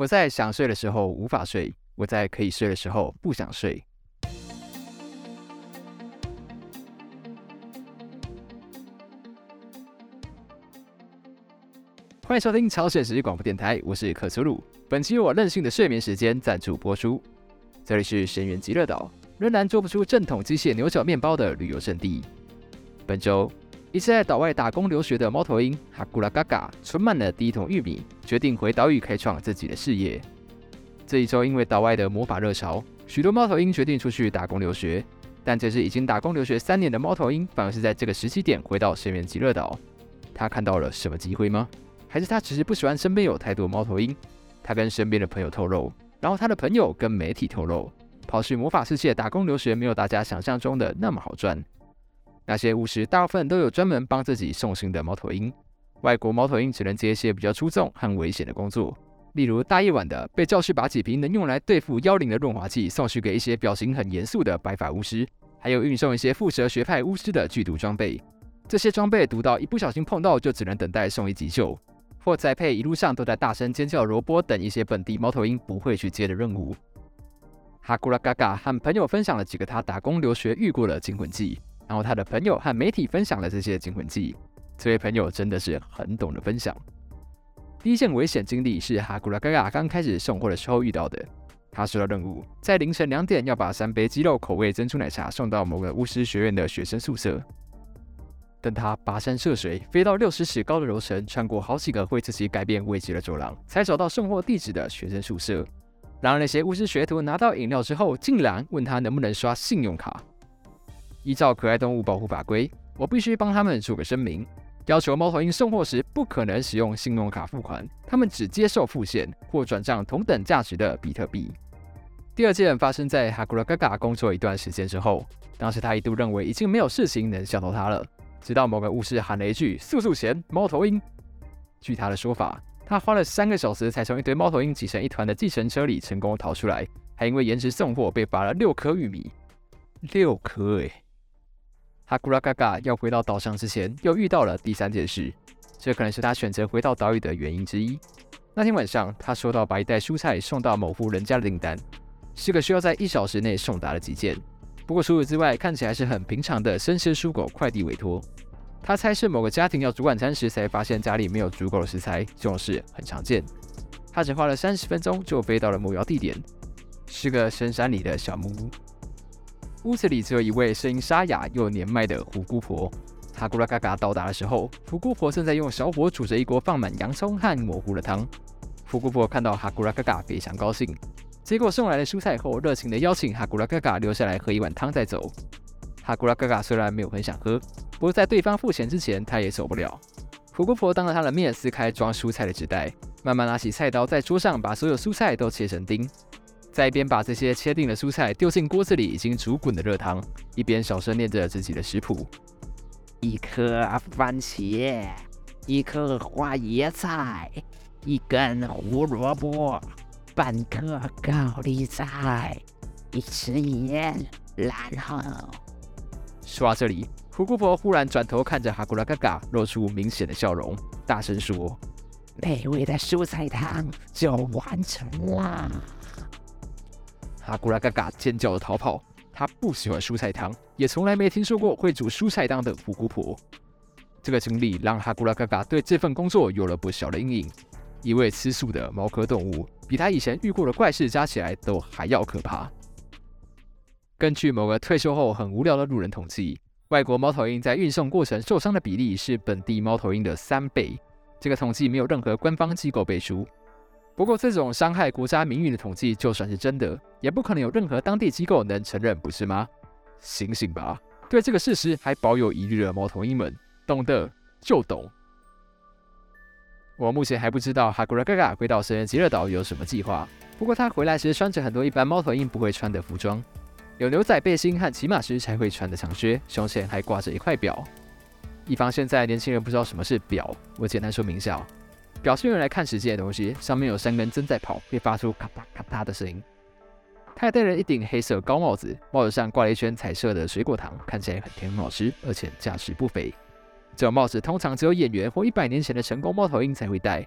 我在想睡的時候無法睡，我在可以睡的時候不想睡。歡迎收聽超現實廣播電台，我是可初路。本期我任性的睡眠時間贊助播出。這裡是神元極樂島，仍然做不出正統機械牛角麵包的旅遊勝地。本周。一隻在島外打工留學的貓頭鷹哈咕啦嘎嘎存滿了第一桶玉米，決定回島嶼開創自己的事業。這一周因為島外的魔法熱潮，許多貓頭鷹決定出去打工留學。但這隻已經打工留學三年的貓頭鷹，反而是在這個時期點回到仙人吉樂島。他看到了什麼機會嗎？還是他只是不喜歡身邊有太多貓頭鷹？他跟身邊的朋友透露，然後他的朋友跟媒體透露，跑去魔法世界打工留學沒有大家想象中的那麼好賺。那些巫師大部分都有專門幫自己送信的貓頭鷹。外國貓頭鷹只能接一些比較粗重和危險的工作，例如大夜晚的被教士把幾瓶能用來對付妖靈的潤滑劑送去給一些表情很嚴肅的白髮巫師，還有運送一些蝮蛇學派巫師的劇毒裝備。這些裝備毒到一不小心碰到就只能等待送醫急救。或在配一路上都在大聲尖叫，蘿蔔等一些本地貓頭鷹不會去接的任務。哈咕啦嘎嘎和朋友分享了幾個他打工留學遇過的驚魂記。然後他的朋友和媒體分享了這些驚魂記憶。這位朋友真的是很懂得分享。第一件危險經歷是哈咕啦嘎嘎剛開始送貨的時候遇到的。他收到任務，在凌晨兩點要把三杯雞肉口味珍珠奶茶送到某個巫師學院的學生宿舍。等他跋山涉水，飛到六十尺高的樓層，穿過好幾個會自己改變位置的走廊，才找到送貨地址的學生宿舍。然而那些巫師學徒拿到飲料之後，竟然問他能不能刷信用卡。依照可愛動物保護法規，我必須幫他們出個聲明，要求貓頭鷹送貨時不可能使用信用卡付款，他們只接受付現或轉賬同等價值的比特幣。第二件發生在哈咕啦嘎嘎工作一段時間之後，當時他一度認為已經沒有事情能嚇到他了，直到某個巫師喊了一句“速速前，貓頭鷹”。據他的說法，他花了三個小時才從一堆貓頭鷹擠成一團的計程車裡成功逃出來，還因為延遲送貨被罰了六顆玉米。六顆哎。哈咕啦嘎嘎要回到島上之前，又遇到了第三件事，這可能是他選擇回到島嶼的原因之一。那天晚上，他收到把一袋蔬菜送到某戶人家的訂單，是個需要在一小時內送達的急件。不過除此之外，看起來是很平常的生鮮蔬果快遞委託。他猜是某個家庭要煮晚餐時才發現家裡沒有足夠的食材，這種事很常見。他只花了三十分鐘就飛到了目標地點，是個深山裡的小木屋。屋子裡只有一位聲音沙啞又年邁的胡姑婆。哈咕啦嘎嘎到達的時候，胡姑婆正在用小火煮着一鍋放滿洋蔥和蘑菇的湯。胡姑婆看到哈咕啦嘎嘎非常高興，結果送來的蔬菜後，熱情地邀請哈咕啦嘎嘎留下來喝一碗湯再走。哈咕啦嘎嘎雖然沒有很想喝，不過在對方付錢之前，他也走不了。胡姑婆當着他的面撕開裝蔬菜的紙袋，慢慢拿起菜刀在桌上把所有蔬菜都切成丁。再一邊把這些切丁的蔬菜丟進鍋子裡已經煮滾的熱湯，一邊小聲念着自己的食譜：一顆番茄，一顆花椰菜，一根胡蘿蔔，半顆高麗菜，一匙鹽。然後，說到這裡，胡姑婆忽然轉頭看着哈咕啦嘎嘎，露出明顯的笑容，大聲說：“美味的蔬菜湯就完成啦！”哈古拉嘎嘎尖叫着逃跑。他不喜歡蔬菜湯，也從來沒聽說過會煮蔬菜湯的虎姑婆。這個經歷讓哈咕啦嘎嘎對這份工作有了不小的陰影。一位吃素的貓科動物，比他以前遇過的怪事加起來都還要可怕。根據某個退休後很無聊的路人統計，外國貓頭鷹在運送過程受傷的比例是本地貓頭鷹的三倍。這個統計沒有任何官方機構背書。不過，這種傷害國家名譽的統計，就算是真的，也不可能有任何當地機構能承認，不是嗎？醒醒吧，對這個事實還保有疑慮的貓頭鷹們，懂的就懂。我目前還不知道哈咕啦嘎嘎回到聖吉熱島有什麼計劃，不過他回來時穿着很多一般貓頭鷹不會穿的服裝，有牛仔背心和騎馬時才會穿的長靴，胸前還掛着一塊錶，以防現在年輕人不知道什麼是錶，我簡單說明一下哦。表示用來看時間的東西，上面有三根針在跑，會發出咔嗒咔嗒的聲音。他還戴着一頂黑色高帽子，帽子上掛了一圈彩色的水果糖，看起來很甜很好吃，而且價值不菲。這種帽子通常只有演員或一百年前的成功貓頭鷹才會戴。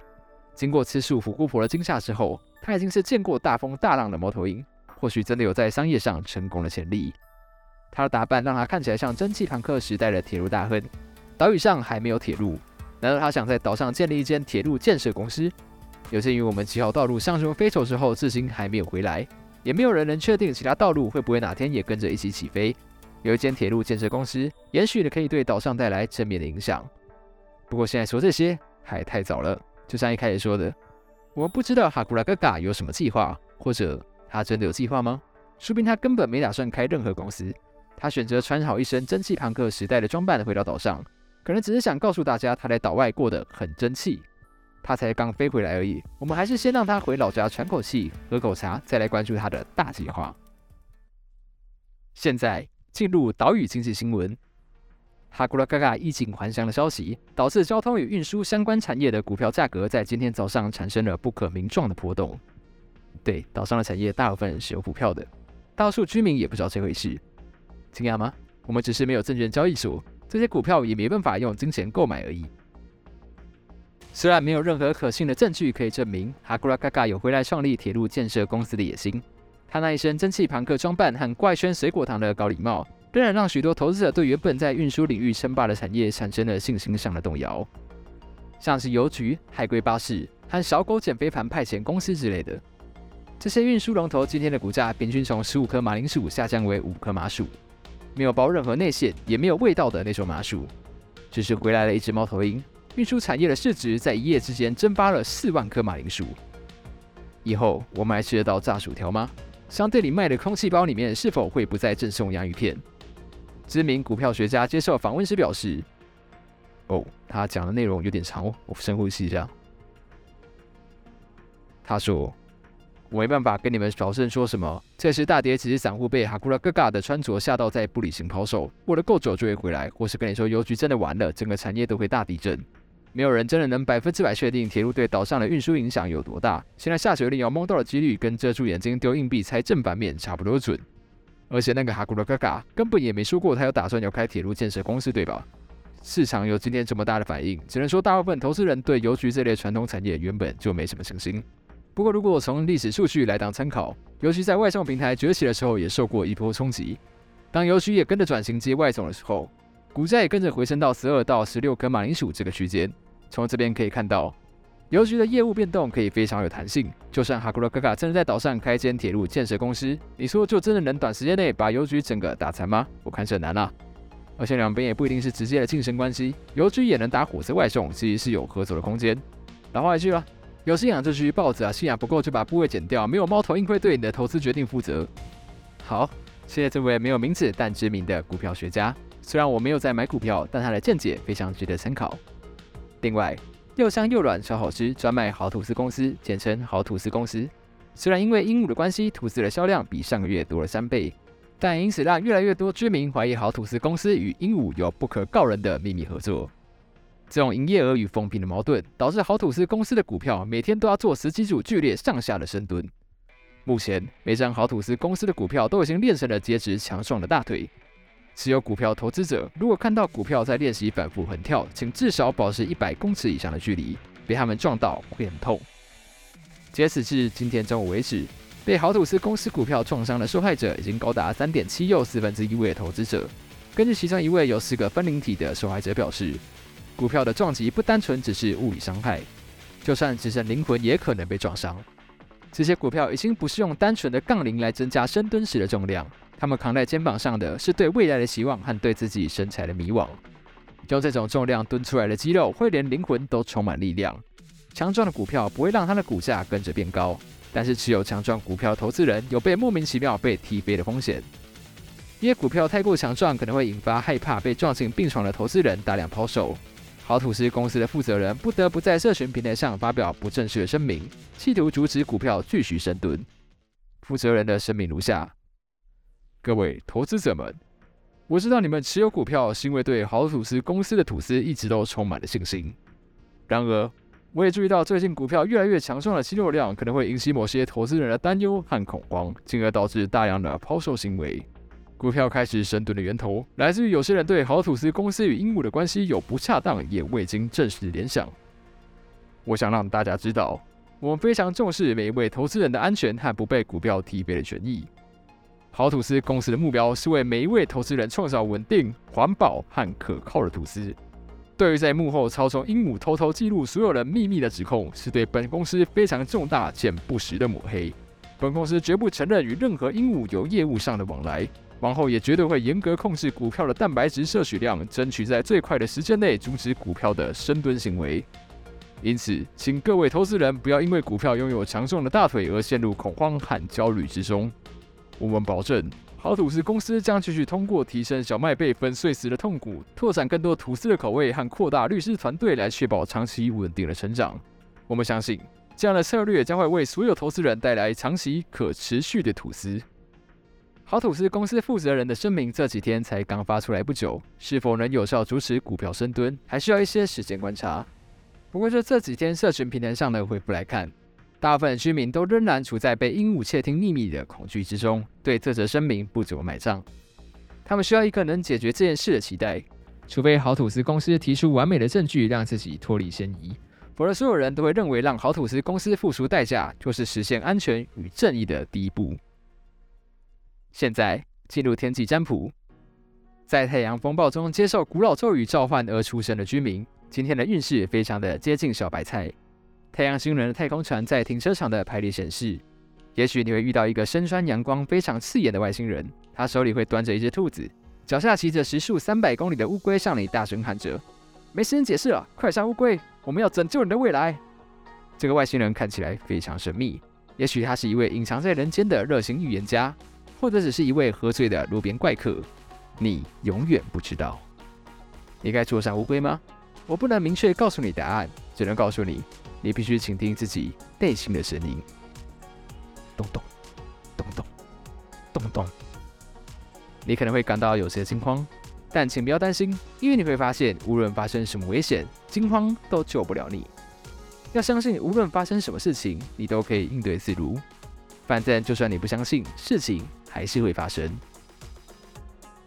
經過吃素服姑婆的驚嚇之後，他已經是見過大風大浪的貓頭鷹，或許真的有在商業上成功的潛力。他的打扮讓他看起來像蒸汽朋克時代的鐵路大亨。島嶼上還沒有鐵路。難道他想在島上建立一間鐵路建設公司？有鑑於我們幾號道路向什飛走之後，至今還沒有回來，也沒有人能確定其他道路會不會哪天也跟着一起起飛。有一間鐵路建設公司，也許你可以對島上帶來正面的影響。不過現在說這些還太早了。就像一開始說的，我們不知道哈咕啦嘎嘎有什麼計劃，或者他真的有計劃嗎？說不定他根本沒打算開任何公司。他選擇穿好一身蒸汽朋克時代的裝扮，回到島上。可能只是想告訴大家，他在島外過得很爭氣，他才剛飛回來而已。我們還是先讓他回老家喘口氣、喝口茶，再來關注他的大計劃。現在進入島嶼經濟新聞。哈咕啦嘎嘎衣錦還鄉的消息，導致交通與運輸相關產業的股票價格在今天早上產生了不可名狀的波動。對島上的產業，大部分是有股票的，大多數居民也不知道這回事。驚訝嗎？我們只是沒有證券交易所。這些股票也沒辦法用金錢購買而已。雖然沒有任何可信的證據可以證明哈咕啦嘎嘎有回來創立鐵路建設公司的野心，他那一身蒸汽朋克裝扮和怪圈水果糖的高禮帽，仍然讓許多投資者對原本在運輸領域稱霸的產業產生了信心上的動搖。像是郵局、海龜巴士和小狗減肥盤派遣公司之類的，這些運輸龍頭今天的股價平均從十五顆馬鈴薯下降為五顆麻薯。沒有包任何內餡，也沒有味道的那種麻糬，只是回來了一隻貓頭鷹。運輸產業的市值在一夜之間蒸發了四萬顆馬鈴薯。以後我們還吃得到炸薯條嗎？商店裡賣的空氣包裡面是否會不再贈送洋芋片？知名股票學家接受訪問時表示：“哦，他講的內容有點長哦，我深呼吸一下。”他說。我沒辦法跟你們小聲說什麼。這時大跌只是散戶被哈咕啦嘎嘎的穿着嚇到，在不理性拋售。過了夠久就會回來，或是跟你說郵局真的完了，整個產業都會大地震。沒有人真的能百分之百確定鐵路對島上的運輸影響有多大。現在下雪令要蒙到的幾率跟遮住眼睛丟硬幣猜正反面差不多準。而且那個哈咕啦嘎嘎根本也沒說過他有打算要開鐵路建設公司，對吧？市場有今天這麼大的反應，只能說大部分投資人對郵局這類傳統產業原本就沒什麼信心。不過，如果從歷史數據來當參考，郵局在外送平台崛起的時候也受過一波衝擊。當郵局也跟着轉型接外送的時候，股價也跟着回升到十二到十六顆馬鈴薯這個區間。從這邊可以看到，郵局的業務變動可以非常有彈性。就算哈咕啦嘎嘎真的在島上開間鐵路建設公司，你說就真的能短時間內把郵局整個打殘嗎？我看很難啊。而且兩邊也不一定是直接的競爭關係，郵局也能打火車外送，其實是有合作的空間。老話一句了。有信仰就去抱著啊，信仰不夠就把部位剪掉。沒有貓頭鷹會對你的投資決定負責。好，謝謝這位沒有名字但知名的股票學家。雖然我沒有在買股票，但他的見解非常值得參考。另外，又香又軟，超好吃，專賣好土司公司，簡稱好土司公司。雖然因為鸚鵡的關係，吐司的銷量比上個月多了三倍，但因此讓越來越多居民懷疑好土司公司與鸚鵡有不可告人的秘密合作。這種營業額與風評的矛盾，導致好土司公司的股票每天都要做十幾組劇烈上下的深蹲。目前，每張好土司公司的股票都已經練成了結實強壯的大腿。持有股票投資者如果看到股票在練習反覆橫跳，請至少保持一百公尺以上的距離，被他們撞到會很痛。截止至今天中午為止，被好土司公司股票撞傷的受害者已經高達三點七又四分之一位投資者。根據其中一位有四個分靈體的受害者表示。股票的撞擊不單純只是物理傷害，就算只剩靈魂也可能被撞傷。這些股票已經不是用單純的槓鈴來增加深蹲時的重量，他們扛在肩膀上的是對未來的希望和對自己身材的迷惘。用這種重量蹲出來的肌肉會連靈魂都充滿力量。強壯的股票不會讓它的股價跟着變高，但是持有強壯股票的投資人有被莫名其妙被踢飛的風險，因為股票太過強壯，可能會引發害怕被撞進病床的投資人大量拋售。好土司公司的負責人不得不在社群平台上發表不正式的聲明，企圖阻止股票繼續深蹲。負責人的聲明如下：各位投資者們，我知道你們持有股票是因為對好土司公司的吐司一直都充滿了信心。然而，我也注意到最近股票越來越強壯的肌肉量可能會引起某些投資人的擔憂和恐慌，進而導致大量的拋售行為。股票開始深蹲的源頭來自於有些人對好土司公司與鸚鵡的關係有不恰當也未經證實的聯想。我想讓大家知道，我們非常重視每一位投資人的安全和不被股票踢飛的權益。好土司公司的目標是為每一位投資人創造穩定、環保和可靠的吐司。對於在幕後操縱鸚鵡、偷偷記錄所有人秘密的指控，是對本公司非常重大且不實的抹黑。本公司絕不承認與任何鸚鵡有業務上的往來。往後也絕對會嚴格控制股票的蛋白質攝取量，爭取在最快的時間內阻止股票的深蹲行為。因此，請各位投資人不要因為股票擁有強壯的大腿而陷入恐慌和焦慮之中。我們保證，好土司公司將繼續通過提升小麥被粉碎時的痛苦，拓展更多吐司的口味和擴大律師團隊，來確保長期穩定的成長。我們相信，這樣的策略將會為所有投資人帶來長期可持續的吐司。好土司公司負責人的聲明這幾天才剛發出來不久，是否能有效阻止股票深蹲，還需要一些時間觀察。不過，就這幾天社群平台上的回覆來看，大部分居民都仍然處在被鸚鵡竊聽秘密的恐懼之中，對這則聲明不怎麼買賬。他們需要一個能解決這件事的期待，除非好土司公司提出完美的證據讓自己脫離嫌疑，否則所有人都會認為讓好土司公司付出代價，就是實現安全與正義的第一步。現在進入天氣占卜，在太陽風暴中接受古老咒語召喚而出生的居民，今天的運勢非常的接近小白菜。太陽星人的太空船在停車場的牌裡顯示，也許你會遇到一個身穿陽光非常刺眼的外星人，他手裡會端着一只兔子，腳下騎着時速三百公里的烏龜，向你大聲喊着：“沒時間解釋了，快上烏龜，我們要拯救你的未來。”這個外星人看起來非常神秘，也許他是一位隱藏在人間的熱心預言家。或者只是一位喝醉的路邊怪客，你永遠不知道。你該坐上烏龜嗎？我不能明確告訴你答案，只能告訴你，你必須傾聽自己內心的聲音。咚咚，咚咚，咚咚。你可能會感到有些驚慌，但請不要擔心，因為你會發現，無論發生什麼危險，驚慌都救不了你。要相信，無論發生什麼事情，你都可以應對自如。反正，就算你不相信，事情還是會發生。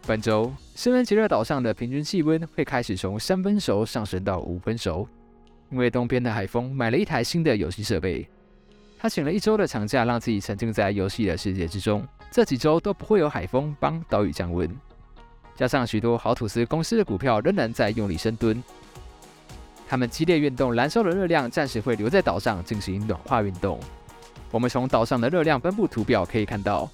本週，斯溫吉熱島上的平均氣溫會開始從三分熟上升到五分熟，因為東邊的海風買了一台新的遊戲設備。他請了一周的長假，讓自己沉浸在遊戲的世界之中。這幾週都不會有海風幫島嶼降溫，加上許多好土司公司的股票仍然在用力深蹲，他們激烈運動燃燒的熱量暫時會留在島上進行暖化運動。我們從島上的熱量分布圖表可以看到，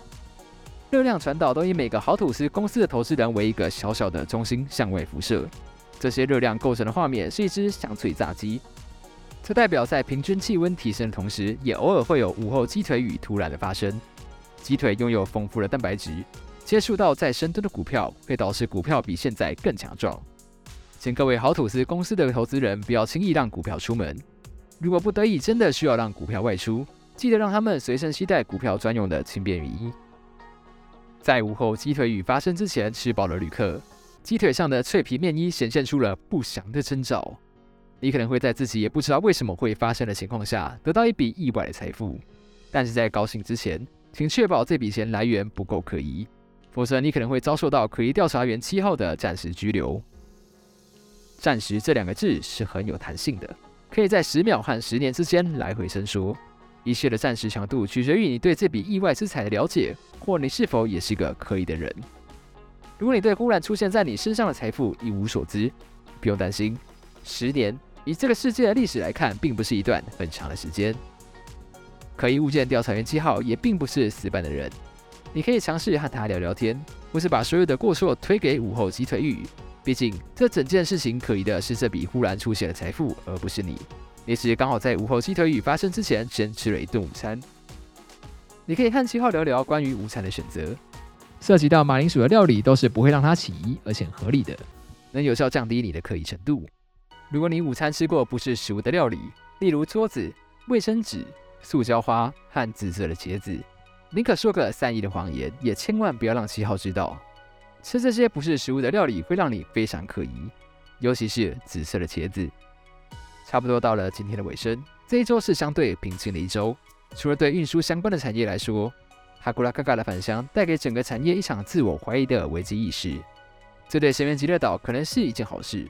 熱量傳導都以每個好土司公司的投資人為一個小小的中心向外輻射。這些熱量構成的畫面是一隻香脆炸雞，這代表在平均氣溫提升的同時，也偶爾會有午後雞腿雨突然的發生。雞腿擁有豐富的蛋白質，接觸到在深蹲的股票會導致股票比現在更強壯。請各位好土司公司的投資人不要輕易讓股票出門。如果不得已真的需要讓股票外出，記得讓他們隨身攜帶股票專用的輕便雨衣。在午後，雞腿雨發生之前吃飽了旅客，雞腿上的脆皮麵衣顯現出了不祥的徵兆。你可能會在自己也不知道為什麼會發生的情況下得到一筆意外的財富，但是在高興之前，請確保這筆錢來源不夠可疑，否則你可能會遭受到可疑調查員七號的暫時拘留。暫時這兩個字是很有彈性的，可以在十秒和十年之間來回伸縮。一切的暫時強度取決於你對這筆意外之財的了解，或你是否也是個可疑的人。如果你對忽然出現在你身上的財富一無所知，不用擔心，十年以這個世界的歷史來看，並不是一段很長的時間。可疑物件調查員七號也並不是死板的人，你可以嘗試和他聊聊天，或是把所有的過錯推給午後雞腿魚。畢竟，這整件事情可疑的是這筆忽然出現的財富，而不是你。也是剛好在午後雞腿雨發生之前先吃了一頓午餐。你可以和七號聊聊關於午餐的選擇，涉及到馬鈴薯的料理都是不會讓它起疑而且合理的，能有效降低你的可疑程度。如果你午餐吃過不是食物的料理，例如桌子、衛生紙、塑膠花和紫色的茄子，寧可說個善意的謊言，也千萬不要讓七號知道。吃這些不是食物的料理會讓你非常可疑，尤其是紫色的茄子。差不多到了今天的尾聲，這一周是相對平靜的一周。除了對運輸相關的產業來說，哈咕啦嘎嘎的返鄉帶給整個產業一場自我懷疑的危機意識。這對神原極樂島可能是一件好事。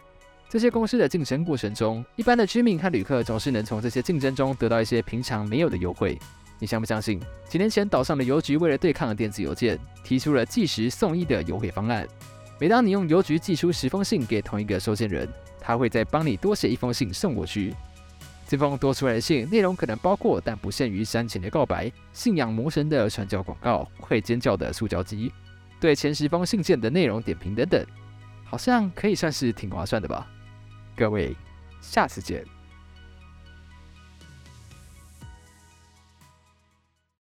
這些公司的競爭過程中，一般的居民和旅客總是能從這些競爭中得到一些平常沒有的優惠。你相不相信？幾年前島上的郵局為了對抗電子郵件，提出了計時送一的優惠方案。每當你用郵局寄出十封信給同一個收件人，他會再幫你多寫一封信送過去。這封多出來的信內容可能包括但不限於煽情的告白、信仰魔神的傳教廣告、會尖叫的塑膠雞、對前十封信件的內容點評等等，好像可以算是挺划算的吧？各位，下次見。